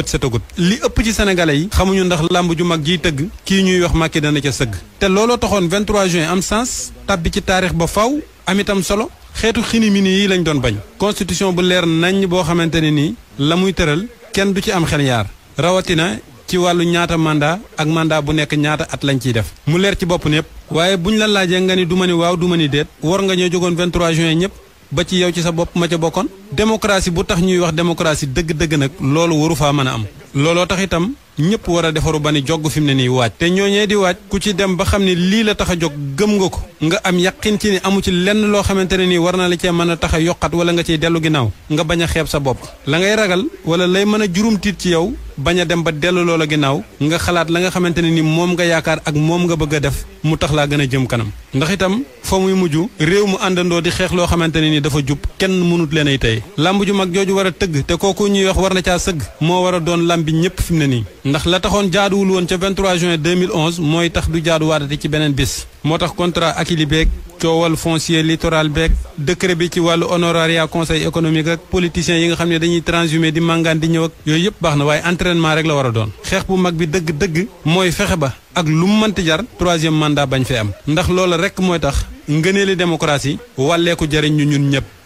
bët setagut li ëpp ci sénégalais yi xamuñu ndax làmb ju mag jiy tëgg kii ñuy wax Macky dana ca sëgg te looloo taxoon 23 juin am sens tàbbi ci taarix ba faw am itam solo xeetu xini mini yi lañ doon bañ constitution bu leer nañ boo xamante ne nii la muy tëral kenn du ci am xel yaar rawatina ci wàllu ñaata mandat ak mandat bu nekk ñaata at lañ ciy def mu leer ci bopp ñëpp waaye buñ la laajee nga ni du ma ni waaw du ma ni déet war nga ñoo jógoon 23 juin ñëpp ba ci yow ci sa bopp ma ca bokkoon. démocratie bu tax ñuy wax démocratie dëgg-dëgg nag loolu waru faa mën a am. looloo tax itam ñëpp war a defaru ba ni jog fi mu ne nii waaj. te ñooñee di waaj ku ci dem ba xam ni lii la tax a jóg gëm nga ko nga am yaqin ci ni amu ci lenn loo xamante ne nii war na la cee mën a tax a yokkat wala nga cee dellu ginnaaw nga bañ a xeeb sa bopp la ngay ragal wala lay mën a jurum tiit ci yow bañ a dem ba dellu loola ginnaaw nga xalaat la nga xamante ne ni moom nga yaakaar ak moom nga bëgg def mu tax laa gën a jëm kanam ndaxitam itam fa muy mujj réew mu àndandoo di xeex loo xamante ne ni dafa jub kenn mënut leen ay tey lamb ju mag jooju war a tëgg te kooku ñuy wax war na caa sëgg moo war a doon lam bi ñëpp fi mu ne nii ndax la taxoon jaaduwul woon ca 23 juin 2011 mooy tax du jaaduwaatati ci beneen bis moo tax contrat ak i coowal foncier littoral beeg décret bi ci wàllu honoraria conseil économique ak politiciens yi nga xam ne dañuy transhumé di màngaan di ñëw ak yooyu yëpp baax na waaye entraînement rek la war a doon xeex bu mag bi dëgg-dëgg mooy fexe ba ak lu mu mënti jar troisième mandat bañ fee am ndax loola rek mooy tax ngëneeli démocratie wàlleeku jëriñ ñu ñun ñëpp